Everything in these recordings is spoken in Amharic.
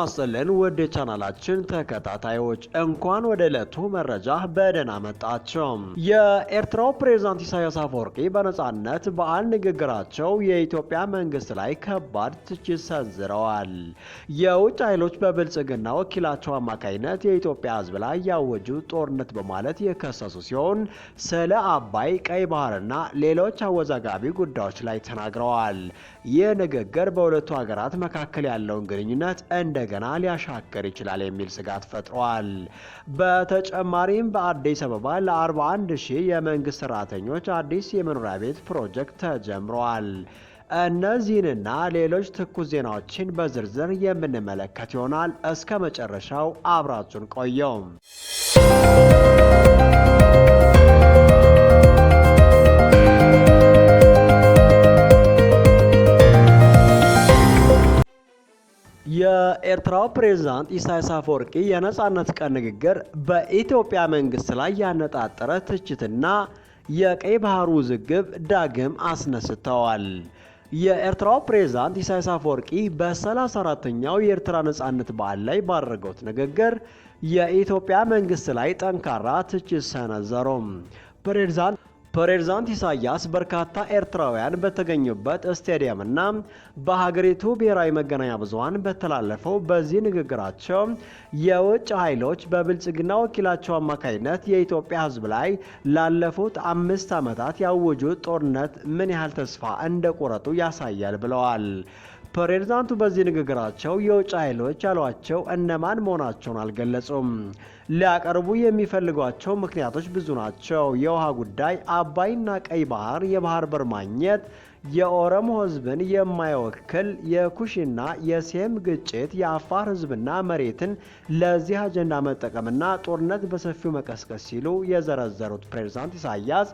ይስጥልን ውድ ቻናላችን ተከታታዮች እንኳን ወደ ዕለቱ መረጃ በደህና መጣቸው። የኤርትራው ፕሬዝዳንት ኢሳያስ አፈወርቂ በነጻነት በዓል ንግግራቸው የኢትዮጵያ መንግስት ላይ ከባድ ትችት ሰንዝረዋል። የውጭ ኃይሎች በብልጽግና ወኪላቸው አማካኝነት የኢትዮጵያ ሕዝብ ላይ ያወጁ ጦርነት በማለት የከሰሱ ሲሆን ስለ አባይ፣ ቀይ ባህርና ሌሎች አወዛጋቢ ጉዳዮች ላይ ተናግረዋል። ይህ ንግግር በሁለቱ ሀገራት መካከል ያለውን ግንኙነት እንደ እንደገና ሊያሻቅር ይችላል የሚል ስጋት ፈጥሯል። በተጨማሪም በአዲስ አበባ ለ41 ሺህ የመንግስት ሰራተኞች አዲስ የመኖሪያ ቤት ፕሮጀክት ተጀምሯል። እነዚህንና ሌሎች ትኩስ ዜናዎችን በዝርዝር የምንመለከት ይሆናል። እስከ መጨረሻው አብራችሁን ቆየው። የኤርትራው ፕሬዝዳንት ኢሳያስ አፈወርቂ የነጻነት ቀን ንግግር በኢትዮጵያ መንግስት ላይ ያነጣጠረ ትችትና የቀይ ባህር ውዝግብ ዳግም አስነስተዋል። የኤርትራው ፕሬዝዳንት ኢሳያስ አፈወርቂ በ34ኛው የኤርትራ ነጻነት በዓል ላይ ባደረጉት ንግግር የኢትዮጵያ መንግስት ላይ ጠንካራ ትችት ሰነዘሩም። ፕሬዝዳንት ፕሬዝዳንት ኢሳያስ በርካታ ኤርትራውያን በተገኙበት እና በሀገሪቱ ብሔራዊ መገናኛ ብዙሃን በተላለፈው በዚህ ንግግራቸው የውጭ ኃይሎች በብልጽግና ወኪላቸው አማካኝነት የኢትዮጵያ ሕዝብ ላይ ላለፉት አምስት ዓመታት ያወጁት ጦርነት ምን ያህል ተስፋ እንደቆረጡ ያሳያል ብለዋል። ፕሬዝዳንቱ በዚህ ንግግራቸው የውጭ ኃይሎች ያሏቸው እነማን መሆናቸውን አልገለጹም። ሊያቀርቡ የሚፈልጓቸው ምክንያቶች ብዙ ናቸው። የውሃ ጉዳይ፣ አባይና ቀይ ባህር፣ የባህር በር ማግኘት፣ የኦሮሞ ህዝብን የማይወክል የኩሽና የሴም ግጭት፣ የአፋር ህዝብና መሬትን ለዚህ አጀንዳ መጠቀምና ጦርነት በሰፊው መቀስቀስ ሲሉ የዘረዘሩት ፕሬዝዳንት ኢሳያስ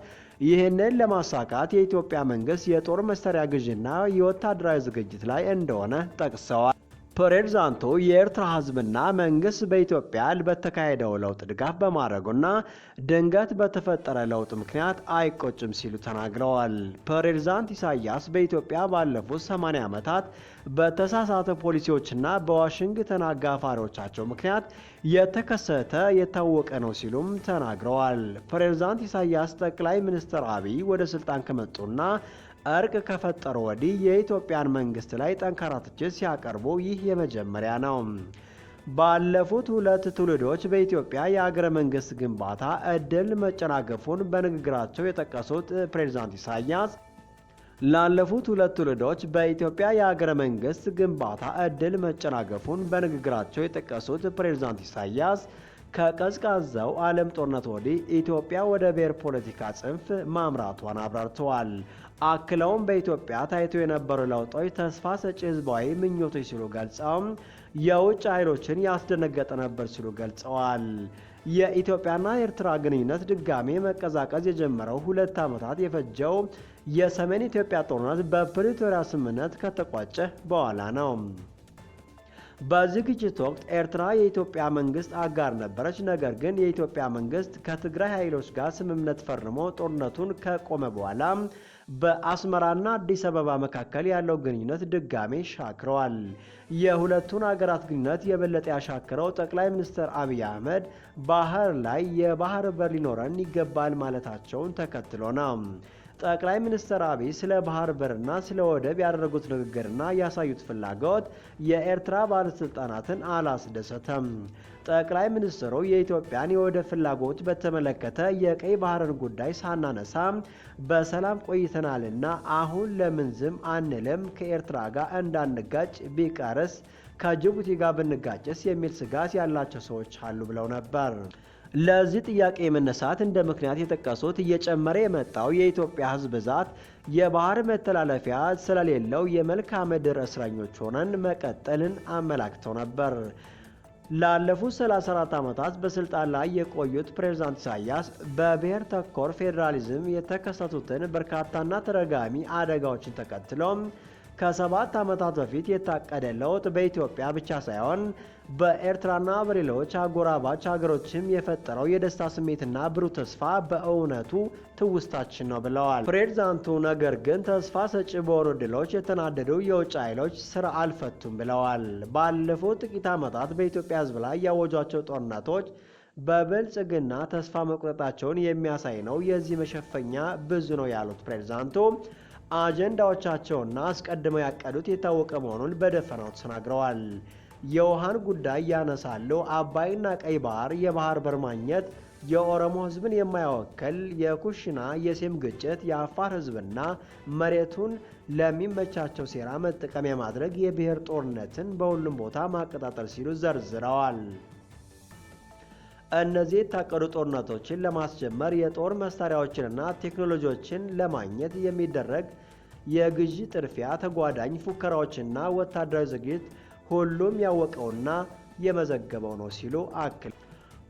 ይህንን ለማሳካት የኢትዮጵያ መንግስት የጦር መሳሪያ ግዥና የወታደራዊ ዝግጅት ላይ እንደሆነ ጠቅሰዋል። ፕሬዝዳንቱ የኤርትራ ህዝብና መንግስት በኢትዮጵያ በተካሄደው ለውጥ ድጋፍ በማድረጉና ድንገት በተፈጠረ ለውጥ ምክንያት አይቆጭም ሲሉ ተናግረዋል። ፕሬዝዳንት ኢሳያስ በኢትዮጵያ ባለፉት 80 ዓመታት በተሳሳተ ፖሊሲዎችና በዋሽንግተን አጋፋሪዎቻቸው ምክንያት የተከሰተ የታወቀ ነው ሲሉም ተናግረዋል። ፕሬዝዳንት ኢሳያስ ጠቅላይ ሚኒስትር አብይ ወደ ስልጣን ከመጡና እርቅ ከፈጠሩ ወዲህ የኢትዮጵያን መንግስት ላይ ጠንካራ ትችት ሲያቀርቡ ይህ የመጀመሪያ ነው። ባለፉት ሁለት ትውልዶች በኢትዮጵያ የአገረ መንግስት ግንባታ እድል መጨናገፉን በንግግራቸው የጠቀሱት ፕሬዚዳንት ኢሳያስ ላለፉት ሁለት ትውልዶች በኢትዮጵያ የአገረ መንግስት ግንባታ እድል መጨናገፉን በንግግራቸው የጠቀሱት ፕሬዝዳንት ኢሳያስ ከቀዝቃዛው ዓለም ጦርነት ወዲህ ኢትዮጵያ ወደ ብሔር ፖለቲካ ጽንፍ ማምራቷን አብራርተዋል። አክለውም በኢትዮጵያ ታይቶ የነበሩ ለውጦች ተስፋ ሰጪ ህዝባዊ ምኞቶች ሲሉ ገልጸው የውጭ ኃይሎችን ያስደነገጠ ነበር ሲሉ ገልጸዋል። የኢትዮጵያና የኤርትራ ግንኙነት ድጋሜ መቀዛቀዝ የጀመረው ሁለት ዓመታት የፈጀው የሰሜን ኢትዮጵያ ጦርነት በፕሪቶሪያ ስምምነት ከተቋጨ በኋላ ነው። በዝግጅት ወቅት ኤርትራ የኢትዮጵያ መንግስት አጋር ነበረች። ነገር ግን የኢትዮጵያ መንግስት ከትግራይ ኃይሎች ጋር ስምምነት ፈርሞ ጦርነቱን ከቆመ በኋላ በአስመራና አዲስ አበባ መካከል ያለው ግንኙነት ድጋሜ ሻክረዋል። የሁለቱን አገራት ግንኙነት የበለጠ ያሻክረው ጠቅላይ ሚኒስትር አብይ አህመድ ባህር ላይ የባህር በር ሊኖረን ይገባል ማለታቸውን ተከትሎ ነው። ጠቅላይ ሚኒስትር አብይ ስለ ባህር በርና ስለ ወደብ ያደረጉት ንግግርና ያሳዩት ፍላጎት የኤርትራ ባለስልጣናትን አላስደሰተም። ጠቅላይ ሚኒስትሩ የኢትዮጵያን የወደብ ፍላጎት በተመለከተ የቀይ ባህርን ጉዳይ ሳናነሳ በሰላም ቆይተናልና አሁን ለምን ዝም አንልም? ከኤርትራ ጋር እንዳንጋጭ ቢቀርስ ከጅቡቲ ጋር ብንጋጭስ የሚል ስጋት ያላቸው ሰዎች አሉ ብለው ነበር። ለዚህ ጥያቄ መነሳት እንደ ምክንያት የጠቀሱት እየጨመረ የመጣው የኢትዮጵያ ሕዝብ ብዛት የባህር መተላለፊያ ስለሌለው የመልክዓ ምድር እስረኞች ሆነን መቀጠልን አመላክተው ነበር። ላለፉት 34 ዓመታት በስልጣን ላይ የቆዩት ፕሬዝዳንት ኢሳያስ በብሔር ተኮር ፌዴራሊዝም የተከሰቱትን በርካታና ተደጋሚ አደጋዎችን ተከትሎም ከሰባት ዓመታት በፊት የታቀደ ለውጥ በኢትዮጵያ ብቻ ሳይሆን በኤርትራና በሌሎች አጎራባች ሀገሮችም የፈጠረው የደስታ ስሜትና ብሩህ ተስፋ በእውነቱ ትውስታችን ነው ብለዋል ፕሬዝዳንቱ። ነገር ግን ተስፋ ሰጪ በሆኑ ድሎች የተናደዱ የውጭ ኃይሎች ስራ አልፈቱም ብለዋል። ባለፉት ጥቂት ዓመታት በኢትዮጵያ ሕዝብ ላይ ያወጇቸው ጦርነቶች በብልጽግና ተስፋ መቁረጣቸውን የሚያሳይ ነው። የዚህ መሸፈኛ ብዙ ነው ያሉት ፕሬዝዳንቱ አጀንዳዎቻቸውና አስቀድመው ያቀዱት የታወቀ መሆኑን በደፈናው ተናግረዋል። የውሃን ጉዳይ ያነሳለው አባይና ቀይ ባህር፣ የባህር በር ማግኘት፣ የኦሮሞ ሕዝብን የማይወክል የኩሽና የሴም ግጭት፣ የአፋር ህዝብና መሬቱን ለሚመቻቸው ሴራ መጠቀሚያ ማድረግ፣ የብሔር ጦርነትን በሁሉም ቦታ ማቀጣጠል ሲሉ ዘርዝረዋል። እነዚህ የታቀዱ ጦርነቶችን ለማስጀመር የጦር መሳሪያዎችንና ቴክኖሎጂዎችን ለማግኘት የሚደረግ የግዢ ጥድፊያ፣ ተጓዳኝ ፉከራዎችና ወታደራዊ ዝግጅት ሁሉም ያወቀውና የመዘገበው ነው ሲሉ አክል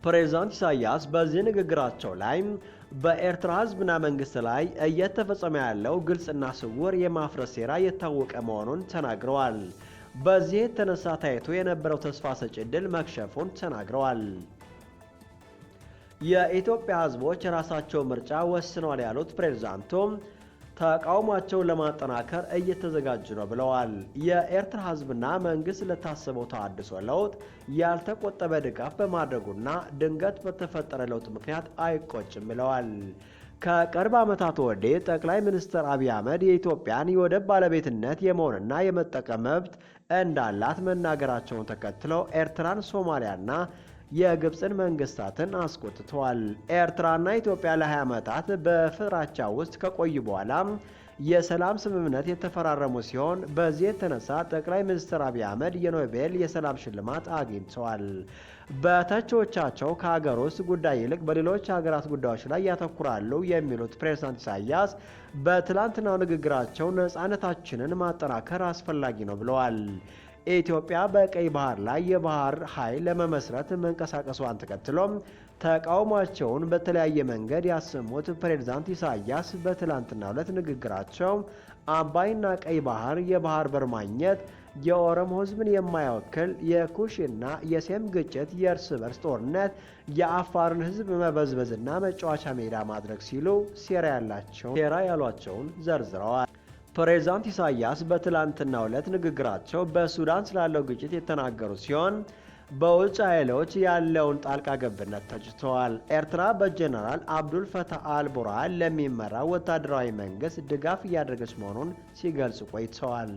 ፕሬዚዳንት ኢሳያስ በዚህ ንግግራቸው ላይ በኤርትራ ሕዝብና መንግስት ላይ እየተፈጸመ ያለው ግልጽና ስውር የማፍረስ ሴራ የታወቀ መሆኑን ተናግረዋል። በዚህ የተነሳ ታይቶ የነበረው ተስፋ ሰጪ ድል መክሸፉን ተናግረዋል። የኢትዮጵያ ሕዝቦች የራሳቸው ምርጫ ወስነዋል ያሉት ፕሬዚዳንቱ ተቃውሟቸውን ለማጠናከር እየተዘጋጁ ነው ብለዋል። የኤርትራ ህዝብና መንግስት ለታሰበው ተሃድሶ ለውጥ ያልተቆጠበ ድጋፍ በማድረጉና ድንገት በተፈጠረ ለውጥ ምክንያት አይቆጭም ብለዋል። ከቅርብ ዓመታት ወዲህ ጠቅላይ ሚኒስትር አብይ አህመድ የኢትዮጵያን የወደብ ባለቤትነት የመሆንና የመጠቀም መብት እንዳላት መናገራቸውን ተከትለው ኤርትራን፣ ሶማሊያና የግብፅን መንግስታትን አስቆጥተዋል። ኤርትራና ኢትዮጵያ ለ20 ዓመታት በፍራቻ ውስጥ ከቆዩ በኋላ የሰላም ስምምነት የተፈራረሙ ሲሆን በዚህ የተነሳ ጠቅላይ ሚኒስትር አብይ አህመድ የኖቤል የሰላም ሽልማት አግኝተዋል። በተቾቻቸው ከሀገር ውስጥ ጉዳይ ይልቅ በሌሎች ሀገራት ጉዳዮች ላይ ያተኩራሉ የሚሉት ፕሬዝዳንት ኢሳያስ በትላንትናው ንግግራቸው ነፃነታችንን ማጠናከር አስፈላጊ ነው ብለዋል። ኢትዮጵያ በቀይ ባህር ላይ የባህር ኃይል ለመመስረት መንቀሳቀሷን ተከትሎ። ተቃውሟቸውን በተለያየ መንገድ ያሰሙት ፕሬዝዳንት ኢሳያስ በትላንትና ዕለት ንግግራቸው አባይና ቀይ ባህር የባህር በር ማግኘት የኦሮሞ ህዝብን የማይወክል የኩሽና የሴም ግጭት፣ የእርስ በርስ ጦርነት፣ የአፋርን ህዝብ መበዝበዝና መጫወቻ ሜዳ ማድረግ ሲሉ ሴራ ያላቸውን ሴራ ያሏቸውን ዘርዝረዋል። ፕሬዝዳንት ኢሳያስ በትላንትና ዕለት ንግግራቸው በሱዳን ስላለው ግጭት የተናገሩ ሲሆን በውጭ ኃይሎች ያለውን ጣልቃ ገብነት ተችተዋል። ኤርትራ በጀነራል አብዱል ፈታህ አልቡርሃን ለሚመራ ወታደራዊ መንግስት ድጋፍ እያደረገች መሆኑን ሲገልጹ ቆይተዋል።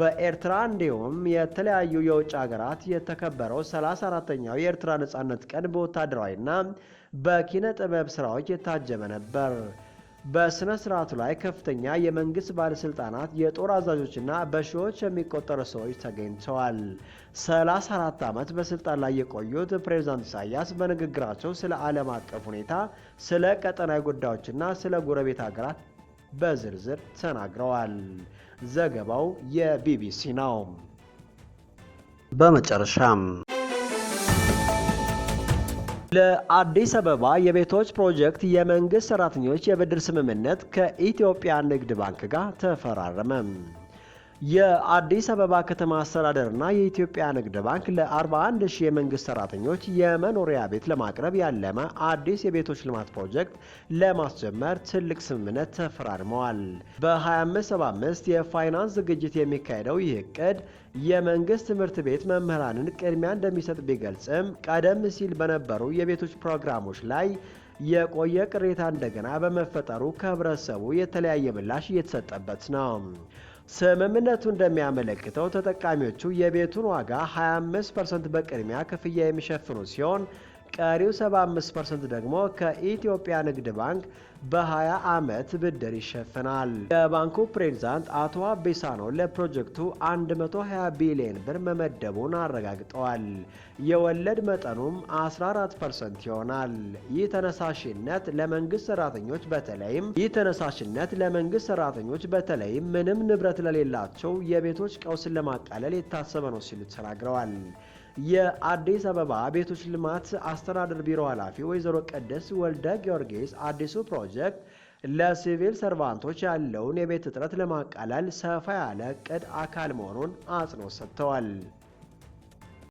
በኤርትራ እንዲሁም የተለያዩ የውጭ ሀገራት የተከበረው 34ተኛው የኤርትራ ነፃነት ቀን በወታደራዊና በኪነ ጥበብ ስራዎች የታጀበ ነበር። በሥነ ሥርዓቱ ላይ ከፍተኛ የመንግሥት ባለሥልጣናት፣ የጦር አዛዦችና በሺዎች የሚቆጠሩ ሰዎች ተገኝተዋል። 34 ዓመት በሥልጣን ላይ የቆዩት ፕሬዝዳንት ኢሳያስ በንግግራቸው ስለ ዓለም አቀፍ ሁኔታ፣ ስለ ቀጠናዊ ጉዳዮችና ስለ ጎረቤት ሀገራት በዝርዝር ተናግረዋል። ዘገባው የቢቢሲ ነው። በመጨረሻም ለአዲስ አበባ የቤቶች ፕሮጀክት የመንግስት ሰራተኞች የብድር ስምምነት ከኢትዮጵያ ንግድ ባንክ ጋር ተፈራረመ። የአዲስ አበባ ከተማ አስተዳደርና የኢትዮጵያ ንግድ ባንክ ለ41 ሺህ የመንግስት ሰራተኞች የመኖሪያ ቤት ለማቅረብ ያለመ አዲስ የቤቶች ልማት ፕሮጀክት ለማስጀመር ትልቅ ስምምነት ተፈራርመዋል። በ2575 የፋይናንስ ዝግጅት የሚካሄደው ይህ እቅድ የመንግስት ትምህርት ቤት መምህራንን ቅድሚያ እንደሚሰጥ ቢገልጽም ቀደም ሲል በነበሩ የቤቶች ፕሮግራሞች ላይ የቆየ ቅሬታ እንደገና በመፈጠሩ ከህብረተሰቡ የተለያየ ምላሽ እየተሰጠበት ነው። ስምምነቱ እንደሚያመለክተው ተጠቃሚዎቹ የቤቱን ዋጋ 25% በቅድሚያ ክፍያ የሚሸፍኑ ሲሆን ቀሪው 75% ደግሞ ከኢትዮጵያ ንግድ ባንክ በ20 ዓመት ብድር ይሸፈናል። የባንኩ ፕሬዚዳንት አቶ አቤሳኖ ለፕሮጀክቱ 120 ቢሊዮን ብር መመደቡን አረጋግጠዋል። የወለድ መጠኑም 14% ይሆናል። ይህ ተነሳሽነት ለመንግስት ሰራተኞች በተለይም ይህ ተነሳሽነት ለመንግስት ሰራተኞች በተለይም ምንም ንብረት ለሌላቸው የቤቶች ቀውስን ለማቃለል የታሰበ ነው ሲሉ ተናግረዋል። የአዲስ አበባ ቤቶች ልማት አስተዳደር ቢሮ ኃላፊ ወይዘሮ ቅድስ ወልደ ጊዮርጊስ አዲሱ ፕሮጀክት ለሲቪል ሰርቫንቶች ያለውን የቤት እጥረት ለማቃለል ሰፋ ያለ እቅድ አካል መሆኑን አጽንኦት ሰጥተዋል።